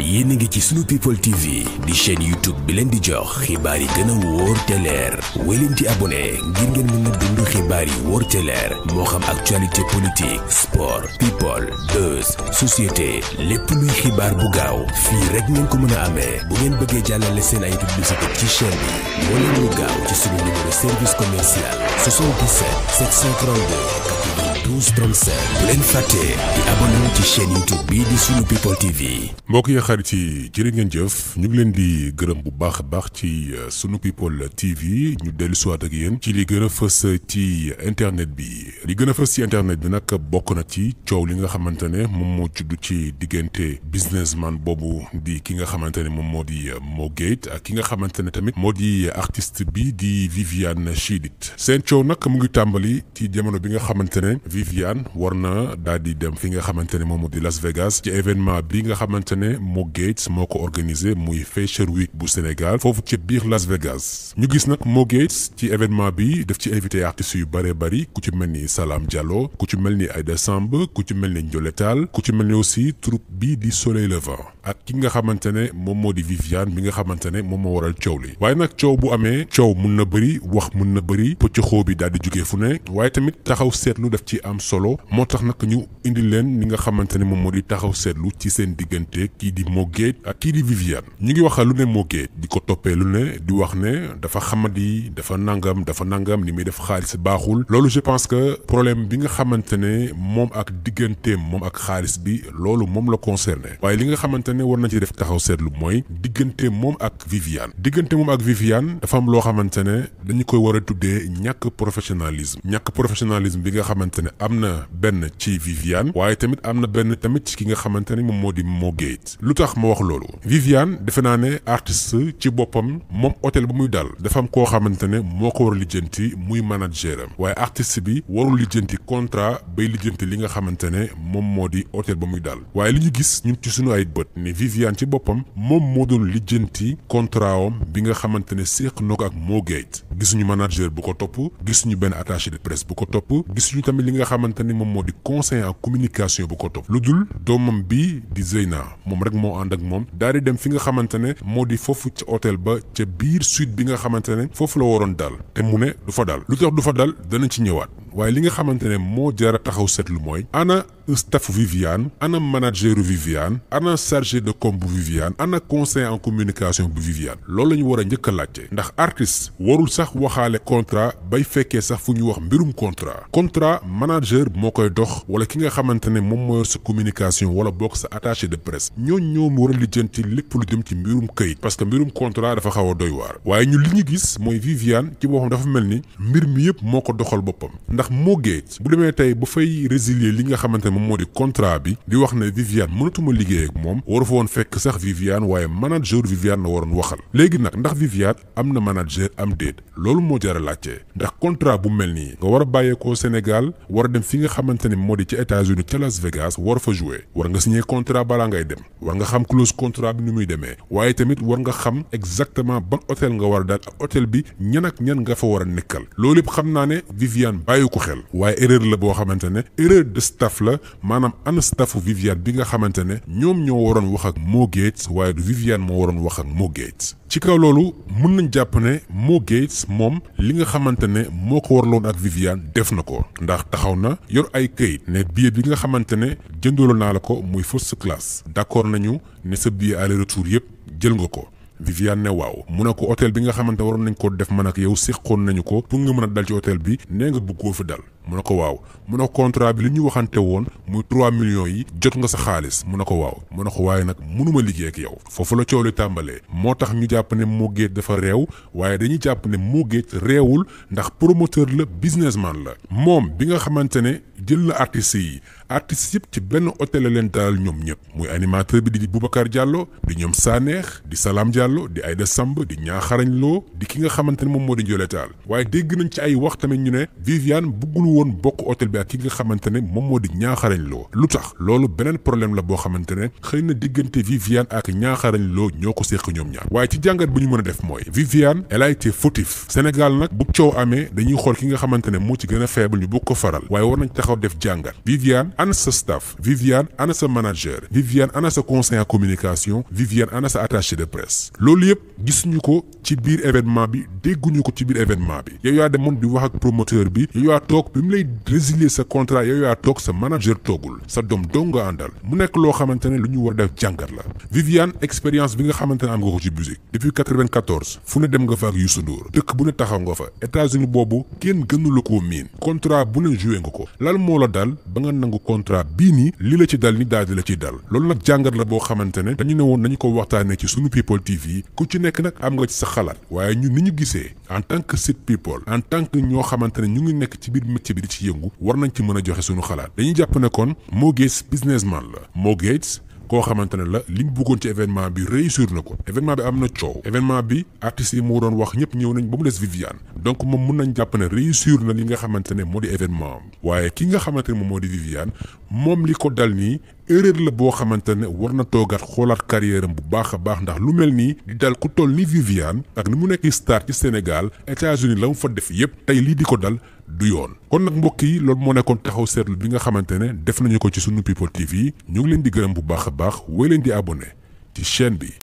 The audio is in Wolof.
yéen ngi ci sunu people TV di chaîne YouTube bi leen di jox xibaar yi gën a wóor te leer wéy leen ci abonné ngir ngeen mën a dund xibaar yi wóor te leer moo xam actualité politique sport people buzz société lépp luy xibaar bu gaaw fii rek ngeen ko mën a amee bu ngeen bëggee jàllale seen ay publicité ci chaîne bi moo leen lu gaaw ci sunu numéro service commercial 77 732. 12 35 bu mbokk yi xarit yi jërë ngeen jëf ñu ngi leen di gërëm bu baax a baax ci euh, sunu People TV ñu dellu siwaat ak yéen ci li gën a fës ci internet bi li gën a fës ci internet bi nag bokk na ci coow li nga xamante ne moom moo judd ci diggante man boobu di ki nga xamante ne moom moo di euh, moo Gates ak ki nga xamante ne tamit moo di euh, artiste bi di Viviane Chidid seen coow nag mu ngi tàmbali ci jamono bi nga xamante Viviane war na daal di dem fi nga xamante ne moom di Las Vegas ci événement bi nga xamante ne Mo Gates moo ko organisé muy Fashion Week bu Sénégal foofu ci biir Las Vegas ñu gis nag moo Gates ci événement bi def ci invité artistes yu bëree bari ku ci mel ni salaam Diallo ku ci mel ni Aïda Samb ku ci mel ni Ndioletal ku ci mel ni aussi troupe bi di Soleil Levant ak ki nga xamante ne moom moo di Viviane bi nga xamante ne moom moo waral coow li waaye nag coow bu na bëri wax mun am solo moo tax nag ñu indi leen li nga xamante ne moom moo di taxaw seetlu ci seen diggante kii di moo Gates ak kii di Viviane ñu ngi waxal lu ne Mo Gates di ko toppee lu ne di wax ne dafa xamadi dafa nangam dafa nangam ni muy def xaalis baaxul loolu je pense que problème bi nga xamante ne moom ak digganteem moom ak xaalis bi loolu moom la concerné waaye li nga xamante ne war na ci def taxaw seetlu mooy diggante moom ak Viviane diggante moom ak Viviane dafa am loo xamante ne dañu koy war a tuddee ñàkk professionnalisme ñàkk professionnalisme bi nga xamante ne am na benn ci Viviane waaye tamit am na benn tamit ki nga xamante ni moom moo di Mo lu tax ma wax loolu Viviane defe naa ne artiste ci boppam moom hôtel ba muy daal dafa am koo xamante ne moo ko war a lijjanti muy manager am waaye artiste bi warul lijjanti contrat bay lijjanti li nga xamante ne moom moo di hôtel ba muy daal waaye li ñu gis ñun ci suñu ay bët ni Viviane ci boppam moom moo doon lijjanti contrat am bi nga xamante ne séq na ko ak Mo Gates gisuñu bu ko topp gisuñu benn attaché de presse bu ko topp nga xamante ni moom moo di conseil en communication ko topp lu dul doomam bi di Zeyna moom rek moo ànd ak moom daal di dem fi nga xamante ne moo di foofu ca hôtel ba ca biir suite bi nga xamante ne foofu la waroon daal te mu ne du fa daal lu tax du fa daal dana ci ñëwaat waaye li nga xamante ne moo jar a taxaw seetlu mooy ana staff Viviane ana manager Viviane ana chargé de com bu Viviane ana conseil en communication bu Viviane loolu la ñu war a njëkk a laajte ndax artiste warul sax waxaale contrat bay fekkee sax fu ñu wax mbirum contrat contrat manager moo koy dox wala ki nga xamante ne moom moo sa communication wala bokk sa attaché de presse ñooñ ñoom war a lijjanti lépp lu jëm ci mbirum kayit parce que mbirum contrat dafa xaw a doy waar waaye ñu li ñu gis mooy Viviane ci boppam dafa mel ni mbir mi yëpp moo ko doxal boppam ndax Mo Gates bu demee tey ba fay résilier li nga xamante ne moom moo di contrat bi di wax ne Viviane mënatuma liggéey ak moom war fa woon fekk sax Viviane waaye manager Viviane la waroon waxal léegi nag ndax Viviane am na manager am déet loolu moo jar a laajte ndax contrat bu mel nii nga war a bàyyeekoo Sénégal war a dem fi nga xamante ne moo di ci États-Unis ca Las Vegas war fa jouer war nga signé contrat balaa ngay dem war nga xam clause contrat bi ni muy demee waaye tamit war nga xam exactement ban hôtel nga war a daal bi ñan ak ñan nga fa war a nekkal ko xel waaye erreur la boo xamante ne erreur de staff la maanaam ana staffu Viviane bi nga xamante ne ñoom ñoo waroon wax ak moo Gates waaye du Viviane moo waroon wax ak Mo Gates ci kaw loolu mën nañ jàpp ne moo Gates moom li nga xamante ne moo ko war warloon ak Viviane def na ko ndax taxaw na yor ay kayit ne billet bi nga xamante ne jëndaloo naa la ko muy first class d'accord nañu ne sa billet aller retour yëpp jël nga ko Viviane ne waaw mu ne ko otel bi nga xamante waroon nañ ko def man ak yow séqoon nañu ko pour nga mën a dal ci otel bi nee nga bëggoo fi dal mu ne ko waaw mu ne ko contrat bi li ñu waxante woon muy 3 millions yi jot nga sa xaalis mu ne ko waaw mu ne ko waaye nag mënuma liggéey ak yow foofu la coow li tàmbalee moo tax ñu jàpp ne Mo Gates dafa réew waaye dañuy jàpp ne Mo Gates réewul ndax promoteur la businessman la moom bi nga xamante ne jël na artistes yi artistes yëpp ci benn hôtel la leen dalal ñoom ñëpp muy animateur bi di Boubacar jàlloo di ñoom Saneex di Salam jàlloo di Aïda Samb di ñaaxarañ loo di ki nga xamante ne moom moo di Ndiolé Tall waaye dégg nañ ci ay wax tamit ñu ne woon bokk hôtel bi ak ki ne moom moo di ñaaxarañ loo lu tax loolu beneen problème la boo xamante ne xëy na diggante Viviane ak ñaaxarañ loo ñoo ko séq ñoom ñaar waaye ci jàngat bu ñu mën a def mooy Viviane elle a été fautif Sénégal nag bu coow amee dañuy xool ki nga xamante ne moo ci gën a faible ñu bëgg ko faral waaye war nañ taxaw def jàngat Viviane ana sa staff Viviane ana sa manager Viviane ana sa conseiller en communication Viviane ana sa attaché de presse loolu yëpp gisuñu ko ci biir événement bi dégguñu ko ci biir événement bi yow yaa demoon di wax ak promoteur bi yow yaa toog bi moom lay résilier sa contrat yow yaa toog sa manager toogul a fu ne dem nga fa ak Youssou Ndour dëkk bu ne taxaw nga fa états boobu kenn gënu la miin contrat bu ne joué nga ko lan moo la dal ba nga nangu contrat bii nii li la ci dal ni daal di la ciy dal loolu nag jàngat la boo xamante dañu ne woon nañu ko waxtaanee ci sunu people TV ku ci nekk nag am nga ci sa xalaat waaye ñun ni ñu gisee en tant que site people en tant que ñoo xamante ñu ngi nekk ci biir métier métier bi di ci yëngu war nañ ci mën a joxe suñu xalaat dañuy jàpp ne kon Mo Gates businessman la Mo Gates koo xamante ne la li mu bëggoon ci événement bi réussir na ko événement bi am na coow événement bi artistes yi mu doon wax ñëpp ñëw nañ ba mu des Viviane donc moom mun nañ jàpp ne réussir na li nga xamante ne moo di événement waaye ki nga xamante ne moom moo di Viviane moom li ko dal nii erreur la boo xamante ne war na toogaat xoolaat carrière bu baax a baax ndax lu mel nii di dal ku toll ni Viviane ak ni mu nekk star ci Sénégal États-Unis la mu fa def du yoon kon nag mbokk yi loolu moo nekkoon taxaw seetlu bi nga xamante ne def nañu ko ci sunu People TV ñu ngi leen di gërëm bu baax a baax wéy leen di abone ci chaîne bi